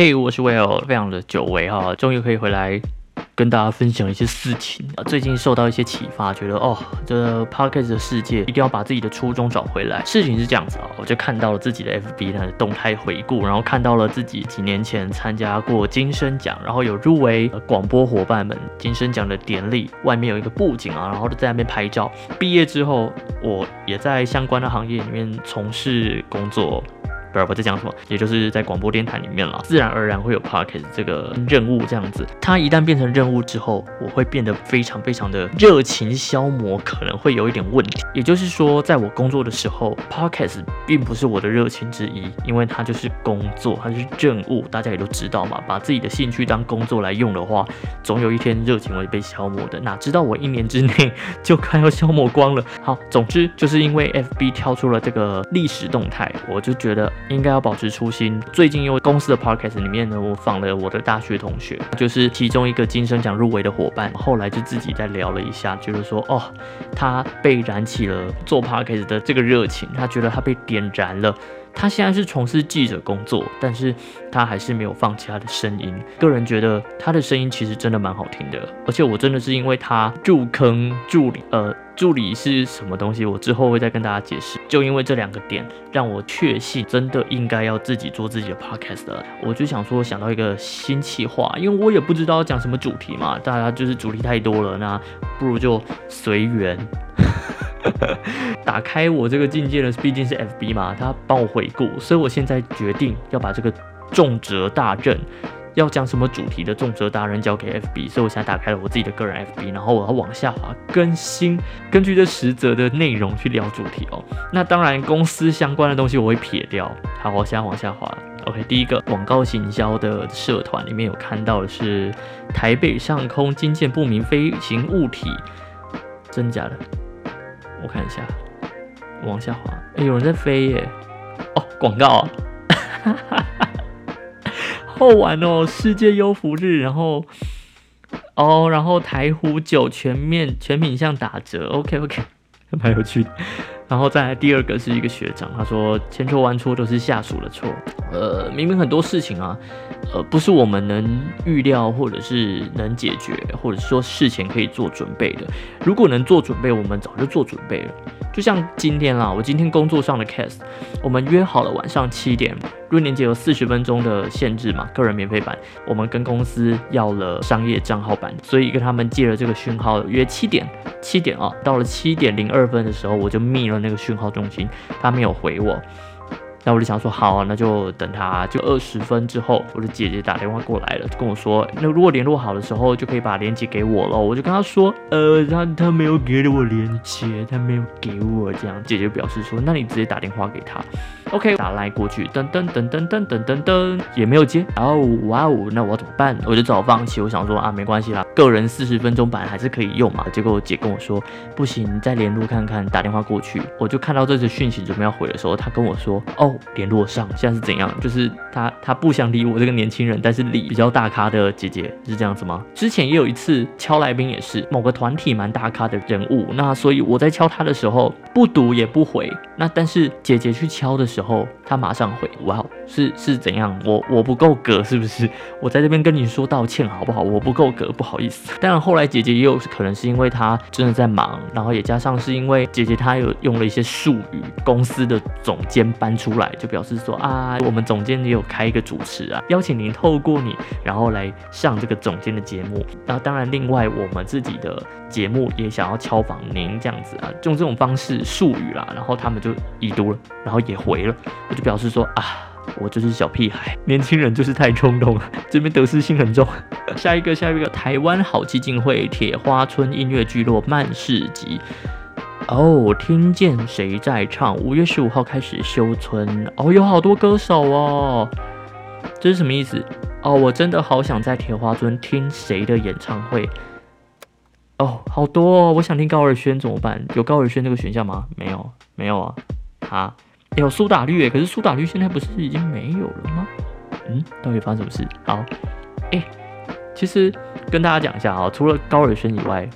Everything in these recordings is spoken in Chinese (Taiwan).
嘿、hey，我是威爾，非常的久違哈、啊，終於可以回來跟大家分享一些事情、啊。最近受到一些啟發，覺得哦，這 podcast 的世界一定要把自己的初衷找回來。事情是這樣子啊，我就看到了自己的 FB 的動態回顧，然後看到了自己幾年前參加過金聲獎，然後有入圍廣播伙伴們金聲獎的典禮，外面有一個布景啊，然後在那邊拍照。畢業之後，我也在相關的行業裡面從事工作。我在講什麼？也就是在廣播電台裡面了，自然而然會有 Podcast 這個任務這樣子。它一旦變成任務之後，我會變得非常非常的熱情消磨，可能會有一點問題。也就是說，在我工作的時候，Podcast 並不是我的熱情之一，因為它就是工作，它是任務。大家也都知道嘛，把自己的興趣當工作來用的話，總有一天熱情會被消磨的。哪知道我一年之內就快要消磨光了。好，總之就是因為 FB 跳出了這個歷史動態，我就覺得。應該要保持初心。最近因為公司的 podcast 裡面呢，我訪了我的大學同學，就是其中一個金聲獎入圍的夥伴。後來就自己再聊了一下，就是說，哦，他被燃起了做 podcast 的這個熱情，他覺得他被點燃了。他現在是從事記者工作，但是他還是沒有放棄他的聲音。個人覺得他的聲音其實真的蠻好聽的，而且我真的是因為他入坑助理。呃，助理是什麼東西，我之後會再跟大家解釋。就因為這兩個點，讓我確信真的應該要自己做自己的 podcast 了。我就想說想到一個新企劃，因為我也不知道講什麼主題嘛，大家就是主題太多了，那不如就隨緣。 打開我這個境界的畢竟是 FB 嘛，他幫我回顧，所以我現在決定要把這個重責大任，要講什麼主題的重責大任交給 FB，所以我現在打開了我自己的個人 FB，然後我要往下滑更新，根據這實則的內容去聊主題哦。那當然公司相關的東西我會撇掉。好，我現在往下滑，OK，第一個廣告行銷的社團裡面有看到的是台北上空驚見不明飛行物體，真假的？我看一下，往下滑，哎、欸，有人在飛耶！哦，廣告，啊， 好玩哦！世界優福日，然後，哦，然後台湖酒全面全品項打折，OK OK，還蠻有趣的。然後再來第二個是一個學長，他說千錯萬錯都是下屬的錯。呃，明明很多事情啊，呃，不是我們能預料或者是能解決，或者是說事前可以做準備的。如果能做準備，我們早就做準備了。就像今天啦，我今天工作上的 case，我們約好了晚上七點，入年節有四十分鐘的限制嘛，個人免費版，我們跟公司要了商業賬號版，所以跟他們借了這個訊號，約七點，七點啊，到了七點零二分的時候，我就密了那個訊號中心，他沒有回我。那我就想說好，啊，那就等他，啊，就二十分之後，我的姐姐打電話過來了，就跟我說，那如果聯絡好的時候，就可以把連結給我了。我就跟她說，呃，她她沒有給了我連結，她沒有給我這樣。姐姐表示說，那你直接打電話給他。OK，打 LINE 過去，噔噔噔，噔噔噔噔噔噔噔，也沒有接。然後哇哇、哦、嗚，那我要怎麼辦？我就只好放棄，我想說啊，沒關係啦，個人四十分鐘版還是可以用嘛。結果我姐跟我說，不行，你再聯絡看看，打電話過去。我就看到這次訊息準備要回的時候，她跟我說，哦。聯絡上現在是怎樣？就是他他不想理我這個年輕人，但是理比較大咖的姐姐是這樣子嗎？之前也有一次敲來賓也是某個團體蠻大咖的人物，那所以我在敲他的時候不讀也不回，那但是姐姐去敲的時候，他馬上回，哇哦，是是怎樣？我我不夠格是不是？我在這邊跟你說道歉好不好？我不夠格，不好意思。當然後來姐姐也有可能是因為她真的在忙，然後也加上是因為姐姐她有用了一些術語，公司的總監搬出來。就表示說啊，我們總監也有開一個主持啊，邀請您透過你，然後來上這個總監的節目。那當然，另外我們自己的節目也想要敲訪您這樣子啊，用這種方式術語啦。然後他們就已讀了，然後也回了。我就表示說啊，我就是小屁孩，年輕人就是太衝動了，這邊得失心很重。下一個，下一個，台灣好基金會鐵花村音樂聚落慢市集。哦，聽見誰在唱？五月十五號開始休村哦，有好多歌手哦。這是什麼意思？哦，我真的好想在鐵花村聽誰的演唱會哦，好多哦，我想聽高爾宣怎麼辦？有高爾宣這個選項嗎？沒有，沒有啊。啊，欸、有蘇打綠，可是蘇打綠現在不是已經沒有了嗎？嗯，到底發生什麼事？好，哎、欸，其實跟大家講一下啊、哦，除了高爾宣以外。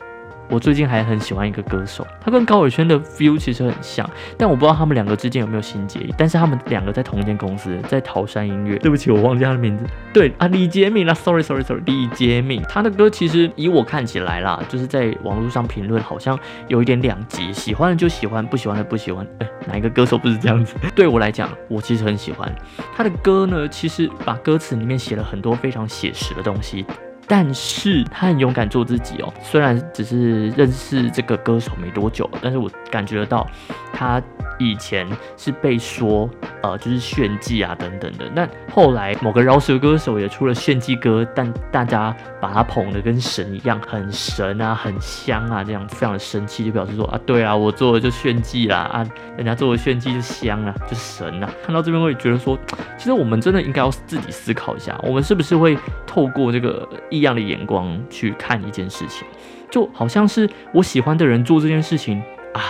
我最近還很喜歡一個歌手，他跟高爾宣的 feel 其實很像，但我不知道他們兩個之間有沒有心結。但是他們兩個在同一間公司，在桃山音樂。對不起，我忘記他的名字。對啊，李杰明啦、啊、sorry sorry sorry，李杰明。他的歌其實以我看起來啦，就是在網絡上評論好像有一點兩極，喜歡的就喜歡，不喜歡的不喜歡、呃。哪一個歌手不是這樣子？對我來講，我其實很喜歡他的歌呢。其實把歌詞裡面寫了很多非常寫實的東西。但是他很勇敢做自己哦，雖然只是認識這個歌手沒多久，但是我感覺得到，他以前是被說，呃，就是炫技啊等等的。那後來某個饒舌歌手也出了炫技歌，但大家把他捧得跟神一樣，很神啊，很香啊，這樣非常的生氣，就表示說啊，對啊，我做的就炫技啦，啊，人家做的炫技就香啊，就是神啊。看到這邊會覺得說，其實我們真的應該要自己思考一下，我們是不是會透過這個藝。一樣的眼光去看一件事情，就好像是我喜歡的人做這件事情啊，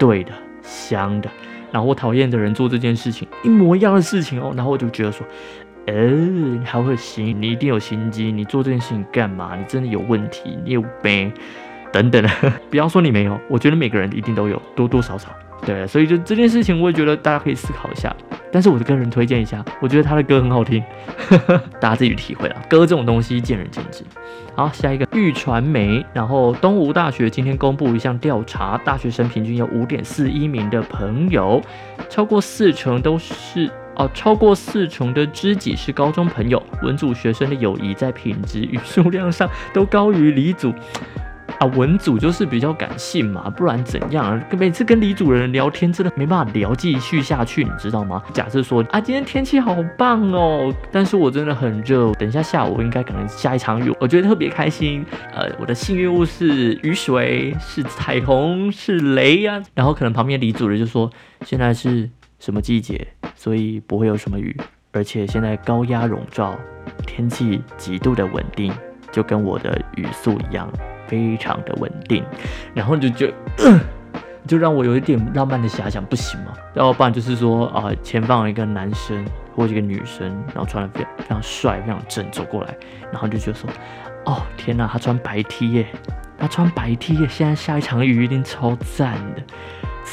對的，香的；然後我討厭的人做這件事情，一模一樣的事情哦，然後我就覺得說，哎、欸，你還會心，你一定有心機，你做這件事情幹嘛？你真的有問題，你有病等等的。 不要說你沒有，我覺得每個人一定都有，多多少少。對，所以就這件事情，我也覺得大家可以思考一下。但是，我個人推薦一下，我覺得他的歌很好聽， 大家自己體會啊。歌這種東西，見仁見智。好，下一個玉傳媒，然後東吳大學今天公布一項調查，大學生平均有五點四一名的朋友，超過四成都是哦，超過四成的知己是高中朋友。文組學生的友誼在品質與數量上都高於理組。啊，文組就是比較感性嘛，不然怎樣啊？每次跟李主任聊天真的沒辦法聊繼續下去，你知道嗎？假設說啊，今天天氣好棒哦，但是我真的很熱，等一下下午應該可能下一場雨，我覺得特別開心。呃，我的幸運物是雨水，是彩虹，是雷啊。然後可能旁邊李主任就說，現在是什麼季節？所以不會有什麼雨，而且現在高壓籠罩，天氣極度的穩定，就跟我的語速一樣，非常的穩定，然後就覺得、呃、就讓我有一點浪漫的遐想，不行嗎？要不然就是說啊、呃，前方有一個男生或一個女生，然後穿的非常非常帥、非常正走過來，然後就覺得說，哦天哪，他穿白 T 耶，他穿白 T 耶，現在下一場雨一定超贊的。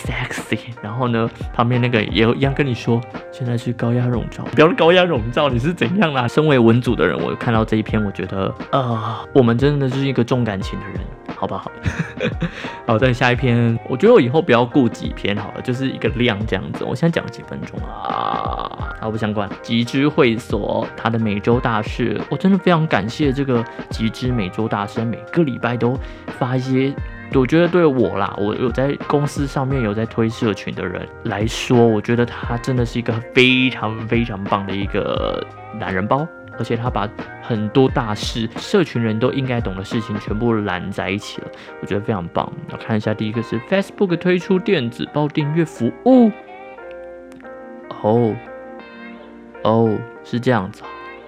sexy，然後呢，旁邊那個也一樣跟你說，現在是高壓籠罩。不要高壓籠罩，你是怎樣啦、啊？身為文組的人，我看到這一篇，我覺得，呃，我們真的是一個重感情的人，好不好？ 好，再下一篇，我覺得我以後不要顧幾篇好了，就是一個量這樣子。我先講幾分鐘啊，毫、啊、不相關，極之會所他的每周大事，我真的非常感謝這個極之每周大事，每個禮拜都發一些。我覺得對我啦，我有在公司上面有在推社群的人來說，我覺得他真的是一個非常非常棒的一個懶人包，而且他把很多大事，社群人都應該懂的事情全部攬在一起了，我覺得非常棒。我看一下第一個是 Facebook 推出電子報訂閱服務，哦，哦，是這樣子，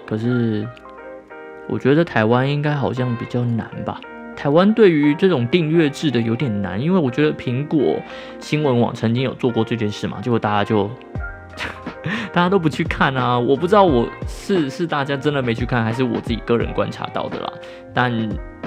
可是我覺得台灣應該好像比較難吧。台灣對於這種訂閱制的有點難，因為我覺得蘋果新聞網曾經有做過這件事嘛，結果大家就 大家都不去看啊，我不知道我是是大家真的沒去看，還是我自己個人觀察到的啦，但。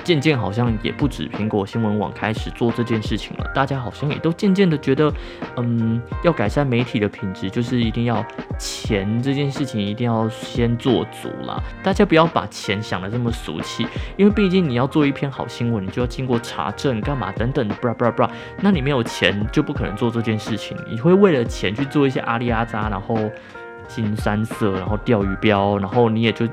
漸漸好像也不止蘋果新聞網開始做這件事情了，大家好像也都漸漸的覺得，嗯，要改善媒體的品質，就是一定要錢這件事情一定要先做足啦。大家不要把錢想的這麼俗氣，因為畢竟你要做一篇好新聞，你就要經過查證、幹嘛等等的，bra bra bra，那你沒有錢就不可能做這件事情，你會為了錢去做一些阿里阿扎，然後金山色，然後釣魚標，然後你也就。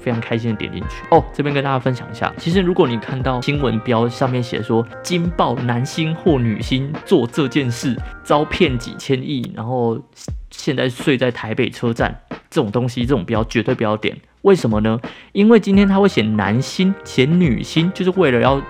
非常開心的點進去哦，oh，這邊跟大家分享一下，其實如果你看到新聞標上面寫說驚爆男星或女星做這件事，遭騙幾千億，然後現在睡在台北車站這種東西，這種標絕對不要點。為什麼呢？因為今天他會寫男星寫女星，就是為了要。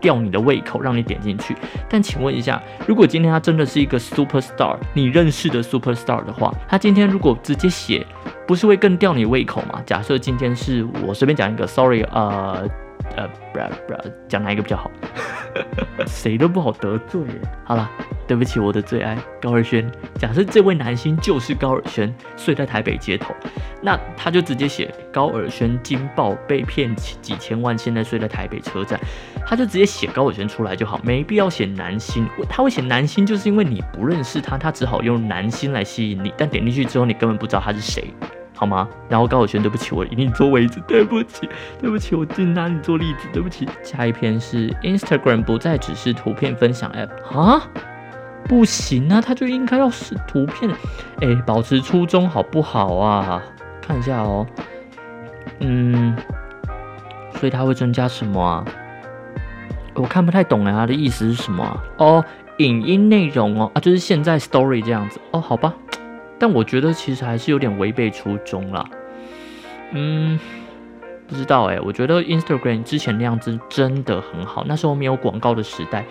吊你的胃口，讓你點進去。但請問一下，如果今天他真的是一個 superstar，你認識的 superstar 的話，他今天如果直接寫，不是會更吊你胃口嗎？假設今天是我隨便講一個，sorry，呃。呃，不不，講哪一個比較好？ 誰都不好得罪。好了，對不起，我的最愛高爾宣。假設這位男星就是高爾宣，睡在台北街頭，那他就直接寫高爾宣驚爆被騙幾幾千萬，現在睡在台北車站。他就直接寫高爾宣出來就好，沒必要寫男星。他會寫男星，就是因為你不認識他，他只好用男星來吸引你。但點進去之後，你根本不知道他是誰。好嗎？然後高曉娟，對不起，我以你做一次，對不起，對不起，我僅讓你做例子，對不起。下一篇是 Instagram 不再只是圖片分享 app 啊？不行啊，它就應該要是圖片。哎、欸，保持初衷好不好啊？看一下哦，嗯，所以它會增加什麼啊？我看不太懂啊，它的意思是什麼，啊？哦，影音內容哦，啊，就是現在 Story 這樣子哦，好吧。但我覺得其實還是有點違背初衷了，嗯，不知道誒、欸，我覺得 Instagram 之前那樣子真的很好，那時候沒有廣告的時代。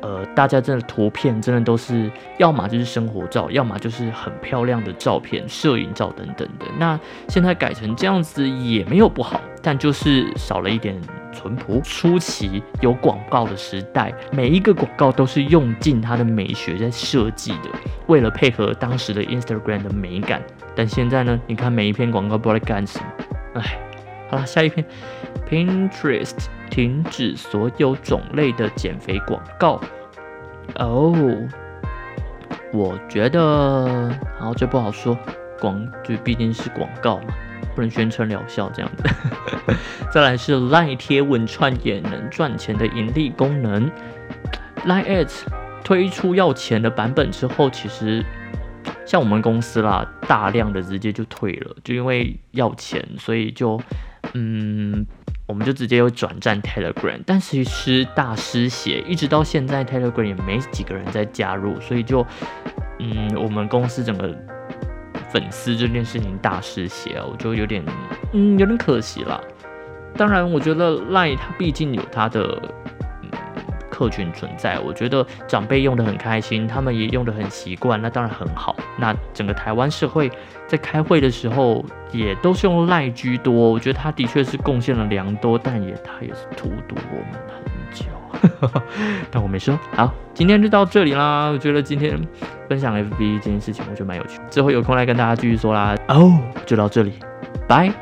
呃，大家真的圖片真的都是要麼就是生活照，要麼就是很漂亮的照片、攝影照等等的。那現在改成這樣子也沒有不好，但就是少了一點淳樸。初期有廣告的時代，每一個廣告都是用盡它的美學在設計的，為了配合當時的 Instagram 的美感。但現在呢，你看每一篇廣告不知道在幹什麼？哎，好了，下一篇 Pinterest。停止所有種類的減肥廣告哦，oh, 我覺得，好，這不好說，廣就畢竟是廣告嘛，不能宣傳療效這樣的。 再來是 Line 貼文串也能賺錢的盈利功能，Line Ads 推出要錢的版本之後，其實像我們公司啦，大量的直接就退了，就因為要錢，所以就嗯。我們就直接又轉戰 Telegram，但其實大失血，一直到現在 Telegram 也沒幾個人在加入，所以就，嗯，我們公司整個粉絲這件事情大失血，我覺得有點，嗯，有點可惜啦。當然，我覺得 LINE 它畢竟有他的。客群存在，我覺得長輩用的很開心，他們也用的很習慣，那當然很好。那整個台灣社會在開會的時候也都是用賴居多，我覺得他的確是貢獻了良多，但也他也是荼毒我們很久。 但我沒說。好，今天就到這裡啦。我覺得今天分享 F B 這件事情，我覺得蠻有趣。之後有空來跟大家繼續說啦。哦，就到這裡，拜。